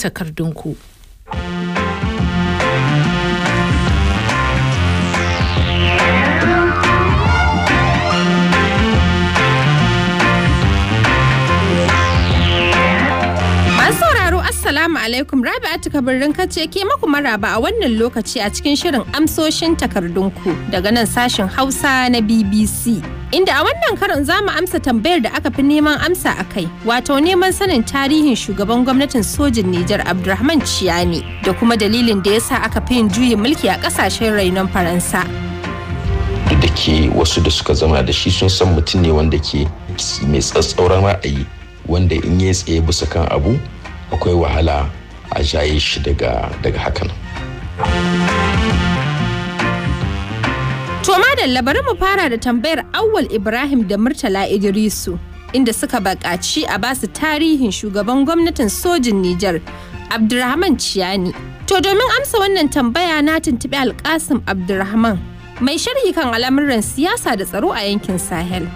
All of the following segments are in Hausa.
takardunku. Assalamu alaikum Rabi'atu birnin kace ke maku maraba a wannan lokaci a cikin shirin amsoshin takardunku daga nan sashen Hausa na BBC. Inda a wannan karon za mu amsa tambayar da aka fi neman amsa a kai, wato neman sanin tarihin shugaban gwamnatin sojin Nijar abdulrahman Ciyani da kuma dalilin da ya sa aka fi yin juyin mulki a kasashen rainon Faransa. Duk da ke wasu da suka zama da shi sun san mutum ne wanda ke mai tsatsauran ra'ayi wanda in ya tsaye bisa kan abu akwai wahala a jaye shi daga hakan. To madalla bari mu fara da tambayar Awwal Ibrahim da Murtala Idrisu inda suka bakaci a basu tarihin shugaban gwamnatin sojin Nijar Abdurahman Ciyani. To domin amsa wannan tambaya na tuntuɓi Alkasim Abdurahman, mai sharhi kan al'amuran siyasa da tsaro a yankin Sahel.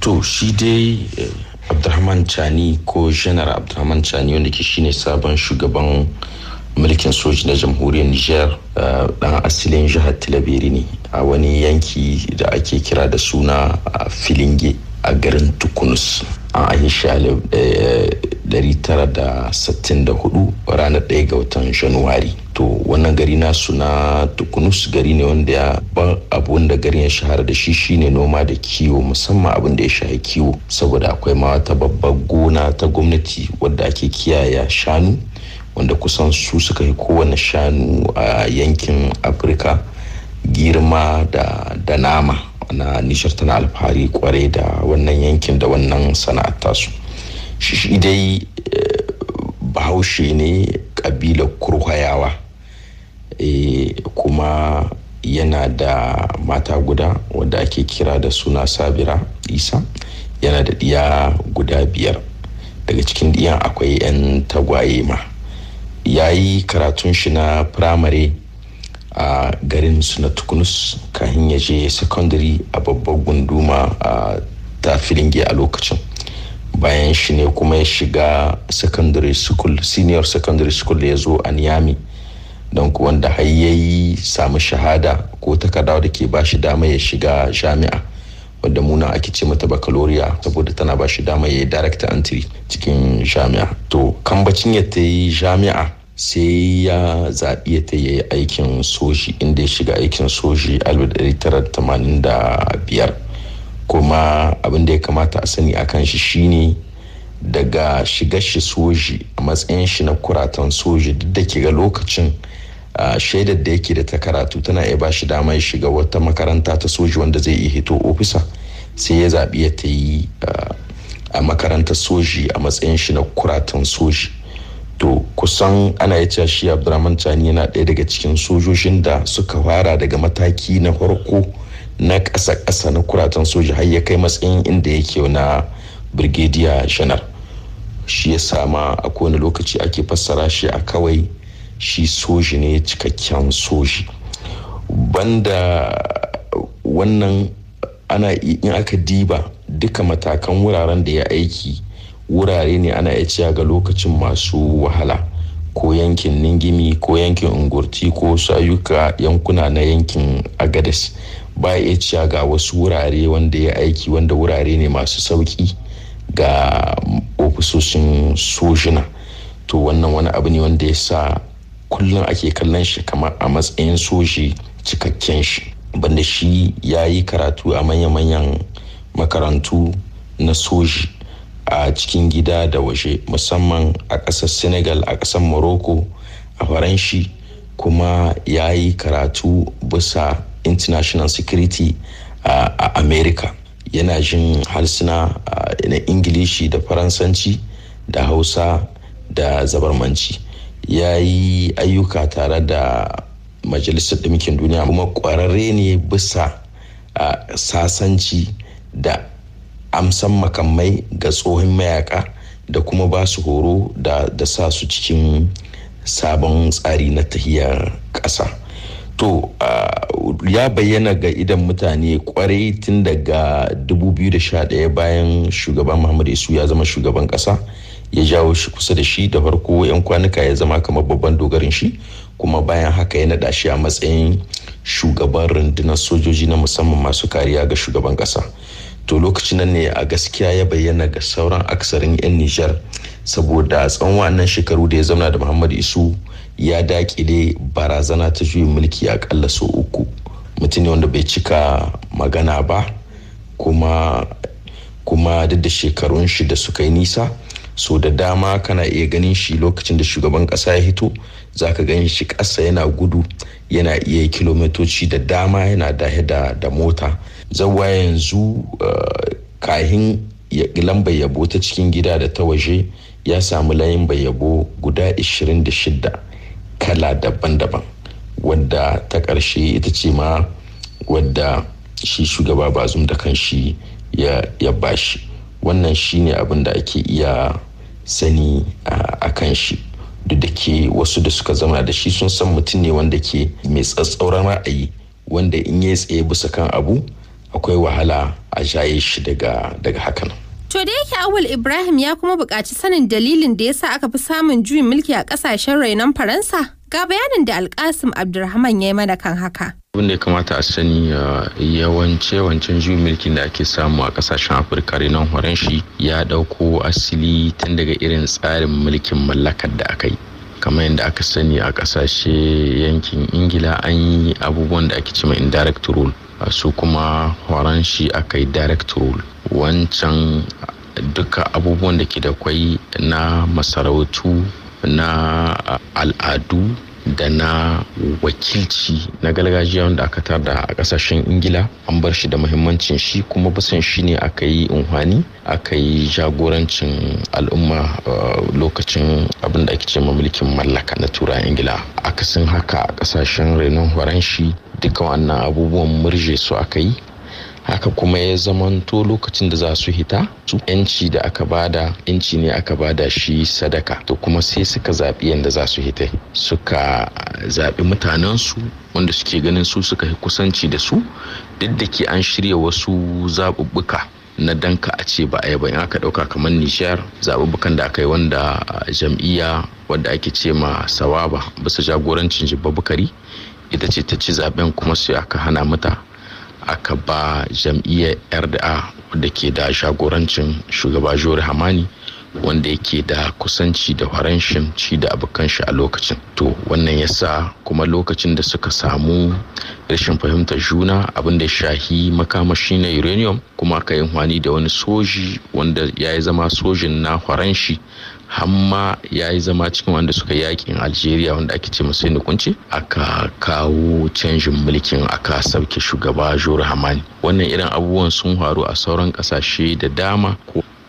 To shi dai eh, Abdulrahman Ciyani ko General Abdulrahman Ciyani wanda ke shine sabon shugaban mulkin soji na jamhuriyar niger eh, dan asilin jihar tilabiri ne a wani yanki da ake kira da suna a filinge a garin tukunus an ahi shalib eh, da hudu ranar 1 ga watan januwari to wannan gari na suna tukunus gari ne wanda ya ban abun da garin ya shahara da shi shine noma da kiwo musamman abin da ya shahi kiwo saboda akwai ma wata babbar gona ta gwamnati wadda ake kiyaye shanu wanda kusan su suka yi kowane shanu a yankin afirka girma da da nama na nishar tana alfahari kwarai da wannan yankin da wannan sana'ar tasu shi shi dai eh, bahaushe ne kabilar kurhayawa eh, kuma yana da mata guda wadda ake kira da suna sabira isa yana da ɗiya guda biyar daga cikin ɗiyan akwai 'yan tagwaye ma ya yi karatun shi na firamare a garin su na tukunus kahin ya je secondary a babbar gunduma a ta filinge a lokacin bayan shi ne kuma ya shiga secondary school senior secondary school da ya zo a niyami don wanda har ya yi samu shahada ko takarda da ke ba shi dama ya shiga jami'a wadda muna ake ce mata baccalaureate saboda tana ba shi dama ya yi direct entry cikin jami'a to kambacin ya ta yi jami'a sai ya zaɓi ta yi aikin soji inda ya shiga aikin soji biyar kuma abin da ya kamata a sani a kan shi shine daga shiga shi soji a matsayin shi na kuratan soji duk da ke ga lokacin shaidar da yake da ta karatu tana iya ba shi damar shiga wata makaranta ta soji wanda zai iya hito ofisa sai ya zaɓi ya ta yi a makarantar soji a matsayin shi na kuratan soji to kusan ana ya cewa shi abdulrahman chani yana ɗaya daga cikin sojojin da suka fara daga mataki na farko na ƙasa ƙasa na kuratan soja har ya kai matsayin inda yake na birgediya shanar shi ya sama a kowane lokaci ake fassara shi a kawai shi soji ne cikakken soji banda wannan ana in aka diba duka matakan wuraren da ya aiki wurare ne ana iya ga lokacin masu wahala ko yankin ningimi ko yankin ungurti ko sayuka yankuna na yankin agadis ba iya ga wasu wurare wanda ya aiki wanda wurare ne masu sauki ga ofisoshin sojina to wannan wani abu ne wanda ya sa kullum ake kallon shi kamar a matsayin soji cikakken shi banda shi ya yi karatu a manya-manyan makarantu na soji a cikin gida da waje musamman a ƙasar senegal a ƙasar morocco a faranshi kuma ya yi karatu bisa international security a america yana jin harsuna na ingilishi da faransanci da hausa da zabarmanci ya yi ayyuka tare da majalisar ɗinkin duniya kuma ƙwararre ne bisa sasanci da amsan makamai ga tsohon mayaka da kuma ba su horo da da sa su cikin sabon tsari na tahiyar ƙasa to ya bayyana ga idan mutane kwarai tun daga 2011 bayan shugaban muhammadu isu ya zama shugaban ƙasa ya jawo shi kusa da shi da farko 'yan kwanuka ya zama kamar babban dogarin shi kuma bayan haka ya naɗa shi a matsayin shugaban rundunar sojoji na musamman masu kariya ga shugaban ƙasa to lokacin nan ne a gaskiya ya bayyana ga sauran aksarin 'yan nijar saboda tsawon wannan shekaru da ya zauna da muhammadu isu ya dakile barazana ta juyin mulki akalla sau uku mutum ne wanda bai cika magana ba kuma kuma duk da shekarun shi da suka yi nisa so da dama kana iya ganin shi lokacin da shugaban kasa ya hito za ka shi ƙasa yana gudu yana iya kilomitoci da dama yana dahe da mota zawa yanzu eh, kahin lambar yabo ta cikin gida da ta waje ya samu layin yabo guda 26 kala daban-daban wadda ta ƙarshe ita ce ma wadda shi shugaba bazum da kan shi ya bashi wannan shine abin da ake iya sani eh, a kan shi duk da ke wasu da suka zama da shi sun san mutum ne wanda ke mai tsatsauran ra'ayi wanda in ya tsaye bisa kan abu akwai wahala a shaye shi daga hakan to da yake awul ibrahim ya kuma buƙaci sanin dalilin da ya sa aka fi samun juyin mulki a ƙasashen rainon faransa ga bayanin da Alƙasim abdulrahman ya yi mana kan haka abin da ya kamata a sani uh, yawanci yawancin juyin mulkin da ake samu a ƙasashen afirka rainon horon ya ɗauko asali tun daga irin tsarin mulkin mallakar da aka yi kamar yadda aka sani a kasashe yankin ingila an yi abubuwan da ake cima indirect rule su kuma horon shi aka yi direct rule wancan duka abubuwan da ke da kwai na masarautu na al'adu da na wakilci na gargajiya wanda aka da a kasashen ingila an bar shi da muhimmancin shi kuma bisan shi ne aka yi unhwani aka yi jagorancin al'umma lokacin abin da ake ce mulkin mallaka na turan ingila akasin haka a kasashen renon horon shi duka wannan abubuwan murje su aka yi haka kuma ya zamanto lokacin da za su hita su yanci da aka bada yanci ne aka bada shi sadaka to kuma sai suka zaɓi yadda za su hita suka zaɓi mutanensu wanda suke ganin su suka yi kusanci da su duk da ke an shirya wasu zaɓuɓɓuka na danka a ce ba a yi ba in aka ɗauka kamar nishiyar zaɓuɓɓukan da aka yi wanda jam'iyya wadda ake ce ma sawaba bisa jagorancin jibba bukari ita ce ta ci zaben kuma sai aka hana mata aka ba jam'iyyar rda wadda ke da jagorancin shugaba jori hamani wanda yake da kusanci da faranshin ci da abokan shi a lokacin to wannan ya sa kuma lokacin da suka samu rashin fahimtar juna abin da shahi makamashi na uranium kuma aka yi hwani da wani soji wanda ya yi zama sojin na faranshi hamma ya yi zama cikin wanda suka yakin algeria wanda ake ce masu kunci aka kawo canjin mulkin aka sauke shugaba jura hamani wannan irin abubuwan sun faru a sauran kasashe da dama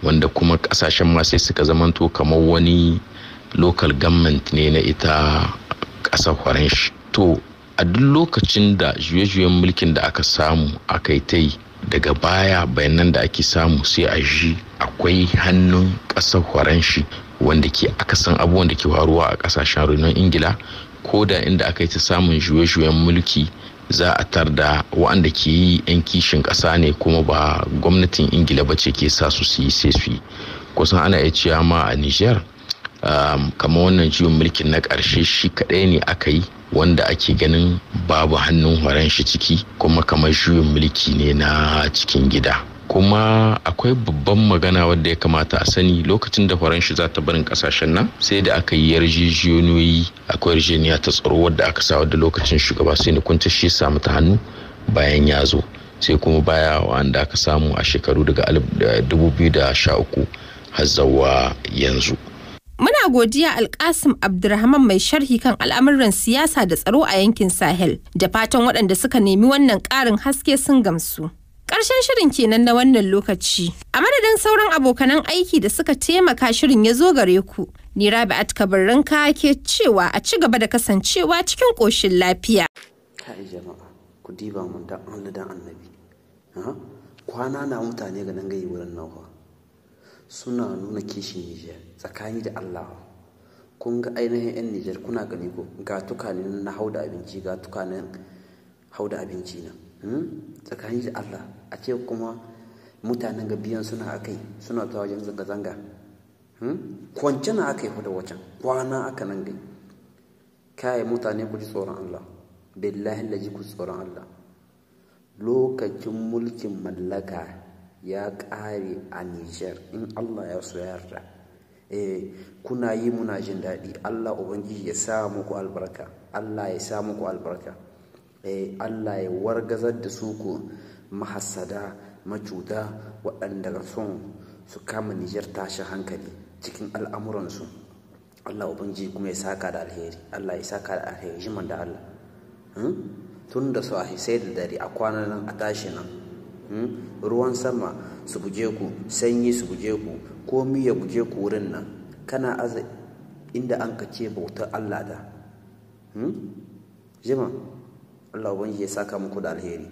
wanda kuma kasashen ma sai suka zamanto kamar wani local government ne na ita ƙasar faransh to a duk lokacin da juye-juyen mulkin da aka samu akai ta yi daga baya bayanan da ake samu sai a ji akwai hannun ƙasar faranshi wanda ke aka san abubuwan da ke faruwa a kasashen renon ingila ko da inda aka yi ta samun juye-juyen mulki za a tar da wa'anda ke yi 'yan kishin ƙasa ne kuma ba gwamnatin ingila ba ce ke sa su su yi sai su yi kusan ana iya cewa ma a niger um, kamar wannan juyin mulkin na ƙarshe shi kaɗai ne aka yi wanda ake ganin babu hannun horon shi ciki kuma kamar juyin mulki ne na cikin gida kuma akwai babban magana wadda ya kamata a sani lokacin da faranshi za ta barin kasashen nan sai da aka yi yarjejeniyoyi akwai yarjejeniya ta tsaro wadda aka sa wadda lokacin shugaba sai ni kunta shi samu ta hannu bayan ya zo sai kuma baya wanda aka samu a shekaru daga 2013 har zawa yanzu Muna godiya Alkasim Abdulrahman mai sharhi kan al'amuran siyasa da tsaro a yankin Sahel, da fatan waɗanda suka nemi wannan ƙarin haske sun gamsu. karshen shirin kenan na wannan lokaci. A madadin sauran abokanan aiki da suka taimaka shirin ya zo gare ku. Ni Rabi'at ka ke cewa a ci gaba da kasancewa cikin ƙoshin lafiya. Kai jama'a, ku diba mun da dan annabi. Kwana na mutane ga nan gayi wurin nawa. Suna nuna kishin Nijar tsakani da Allah. Kun ga ainihin 'yan Nijar kuna gani ko ga tukanin na hau da abinci ga tukanin hau abinci nan. Hmm? tsakanin da Allah a ce kuma mutanen ga biyan suna a kai suna ta wajen zanga-zanga hmm? kwanci na aka yi hudu wacan kwana aka nan gai kayan mutane ku ji tsoron Allah billahi laji ku tsoron Allah lokacin mulkin mallaka ya ƙare a Nijar in Allah ya so yarda eh kuna yi muna jin daɗi Allah ubangiji ya sa muku albarka Allah ya sa muku albarka Eh, Allah ya wargazar da su ku mahassada macuta waɗanda son su kama Nijar tashi hankali cikin al'amuransu Allah ubanji kuma ya saka da alheri Allah ya saka da alheri jiman da Allah hmm? tun da su a sai da dare a kwanan nan a tashi nan hmm? ruwan sama su guje ku sanyi su guje ku komi ya guje ku wurin nan kana aza inda an kace bautar Allah da hmm? jima Allah ubangiji ya saka muku da alheri